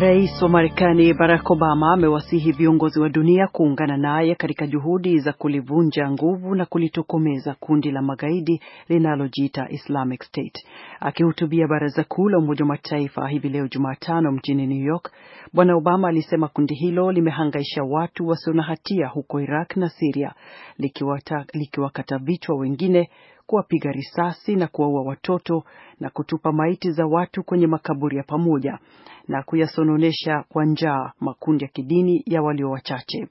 Rais wa Marekani Barack Obama amewasihi viongozi wa dunia kuungana naye katika juhudi za kulivunja nguvu na kulitokomeza kundi la magaidi linalojiita Islamic State. Akihutubia Baraza Kuu la Umoja wa Mataifa hivi leo Jumatano mjini New York, Bwana Obama alisema kundi hilo limehangaisha watu wasio na hatia huko Iraq na Siria, likiwakata likiwa vichwa wengine kuwapiga risasi na kuwaua watoto na kutupa maiti za watu kwenye makaburi ya pamoja na kuyasononesha kwa njaa makundi ya kidini ya walio wachache.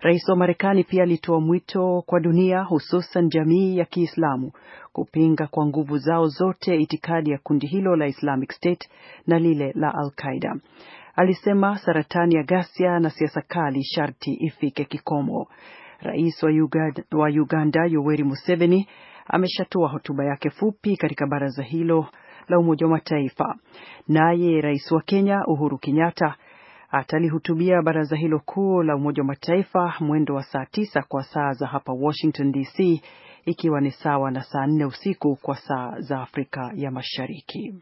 Rais wa Marekani pia alitoa mwito kwa dunia, hususan jamii ya Kiislamu kupinga kwa nguvu zao zote itikadi ya kundi hilo la Islamic State na lile la al Qaida. Alisema saratani ya ghasia na siasa kali sharti ifike kikomo. Rais wa Uganda, wa Uganda Yoweri Museveni ameshatoa hotuba yake fupi katika baraza hilo la Umoja wa Mataifa. Naye rais wa Kenya Uhuru Kenyatta atalihutubia baraza hilo kuu la Umoja wa Mataifa mwendo wa saa tisa kwa saa za hapa Washington DC, ikiwa ni sawa na saa nne usiku kwa saa za Afrika ya Mashariki.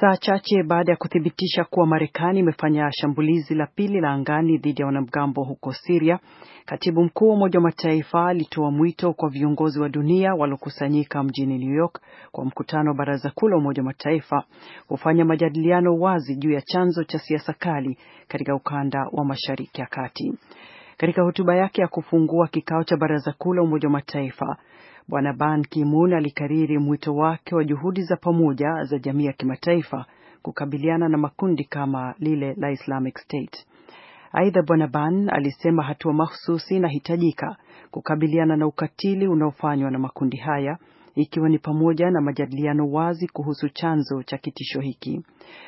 Saa chache baada ya kuthibitisha kuwa Marekani imefanya shambulizi la pili la angani dhidi ya wanamgambo huko Siria, katibu mkuu wa Umoja wa Mataifa alitoa mwito kwa viongozi wa dunia waliokusanyika mjini New York kwa mkutano wa Baraza Kuu la Umoja wa Mataifa kufanya majadiliano wazi juu ya chanzo cha siasa kali katika ukanda wa Mashariki ya Kati. Katika hotuba yake ya kufungua kikao cha Baraza Kuu la Umoja wa Mataifa, Bwana Ban Ki-moon alikariri mwito wake wa juhudi za pamoja za jamii ya kimataifa kukabiliana na makundi kama lile la Islamic State. Aidha, Bwana Ban alisema hatua mahususi inahitajika kukabiliana na ukatili unaofanywa na makundi haya ikiwa ni pamoja na majadiliano wazi kuhusu chanzo cha kitisho hiki.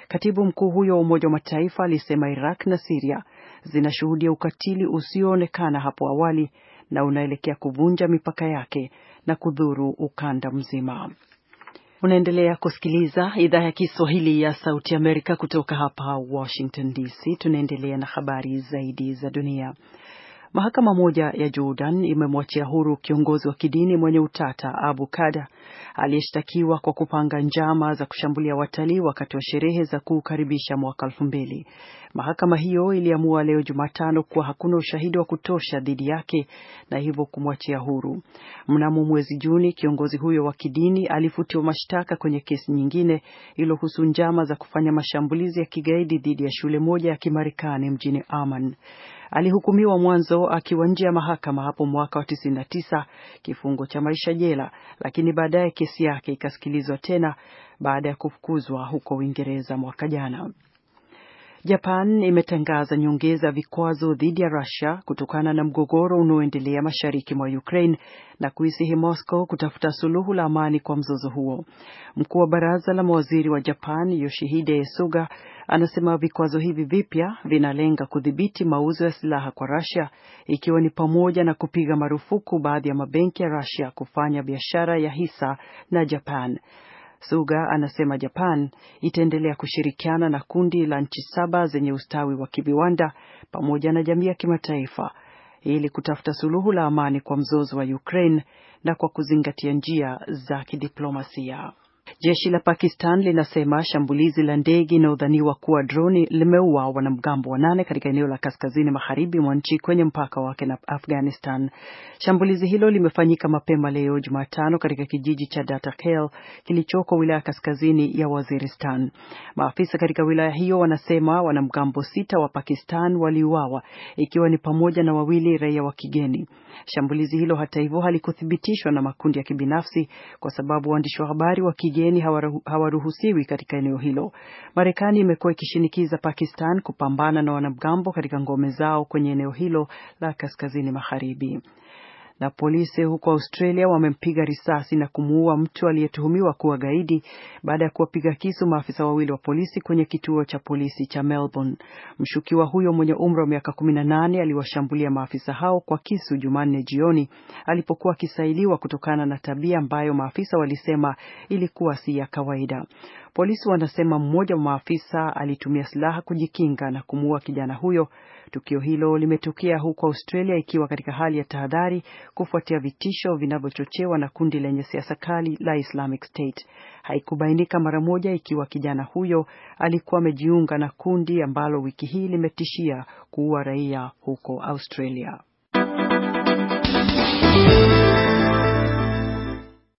Katibu mkuu huyo wa Umoja wa Mataifa alisema Iraq na Siria zinashuhudia ukatili usioonekana hapo awali na unaelekea kuvunja mipaka yake na kudhuru ukanda mzima. Unaendelea kusikiliza idhaa ya Kiswahili ya Sauti Amerika kutoka hapa Washington DC. Tunaendelea na habari zaidi za dunia. Mahakama moja ya Jordan imemwachia huru kiongozi wa kidini mwenye utata Abu Kada aliyeshtakiwa kwa kupanga njama za kushambulia watalii wakati wa sherehe za kuukaribisha mwaka elfu mbili. Mahakama hiyo iliamua leo Jumatano kuwa hakuna ushahidi wa kutosha dhidi yake na hivyo kumwachia huru. Mnamo mwezi Juni, kiongozi huyo wa kidini alifutiwa mashtaka kwenye kesi nyingine iliyohusu njama za kufanya mashambulizi ya kigaidi dhidi ya shule moja ya Kimarekani mjini Amman. Alihukumiwa mwanzo akiwa nje ya mahakama hapo mwaka wa 99 kifungo cha maisha jela, lakini baadaye kesi yake ikasikilizwa tena baada ya kufukuzwa huko Uingereza mwaka jana. Japan imetangaza nyongeza vikwazo dhidi ya Russia kutokana na mgogoro unaoendelea mashariki mwa Ukraine na kuisihi Moscow kutafuta suluhu la amani kwa mzozo huo. Mkuu wa baraza la mawaziri wa Japan, Yoshihide Suga, anasema vikwazo hivi vipya vinalenga kudhibiti mauzo ya silaha kwa Russia ikiwa ni pamoja na kupiga marufuku baadhi ya mabenki ya Russia kufanya biashara ya hisa na Japan. Suga anasema Japan itaendelea kushirikiana na kundi la nchi saba zenye ustawi wa kiviwanda pamoja na jamii ya kimataifa ili kutafuta suluhu la amani kwa mzozo wa Ukraine na kwa kuzingatia njia za kidiplomasia. Jeshi la Pakistan linasema shambulizi la ndege inayodhaniwa kuwa droni limeua wanamgambo wanane katika eneo la kaskazini magharibi mwa nchi kwenye mpaka wake na Afghanistan. Shambulizi hilo limefanyika mapema leo Jumatano katika kijiji cha Datakhel kilichoko wilaya kaskazini ya Waziristan. Maafisa katika wilaya hiyo wanasema wanamgambo sita wa Pakistan waliuawa ikiwa ni pamoja na wawili raia wa kigeni. Shambulizi hilo hata hivyo halikuthibitishwa na makundi ya kibinafsi kwa sababu waandishi wa habari wa kigeni kigeni hawaruhusiwi katika eneo hilo. Marekani imekuwa ikishinikiza Pakistan kupambana na wanamgambo katika ngome zao kwenye eneo hilo la kaskazini magharibi na polisi huko Australia wamempiga risasi na kumuua mtu aliyetuhumiwa kuwa gaidi baada ya kuwapiga kisu maafisa wawili wa polisi kwenye kituo cha polisi cha Melbourne. Mshukiwa huyo mwenye umri wa miaka 18 aliwashambulia maafisa hao kwa kisu Jumanne jioni alipokuwa akisailiwa kutokana na tabia ambayo maafisa walisema ilikuwa si ya kawaida. Polisi wanasema mmoja wa maafisa alitumia silaha kujikinga na kumuua kijana huyo Tukio hilo limetokea huko Australia ikiwa katika hali ya tahadhari kufuatia vitisho vinavyochochewa na kundi lenye siasa kali la Islamic State. Haikubainika mara moja ikiwa kijana huyo alikuwa amejiunga na kundi ambalo wiki hii limetishia kuua raia huko Australia.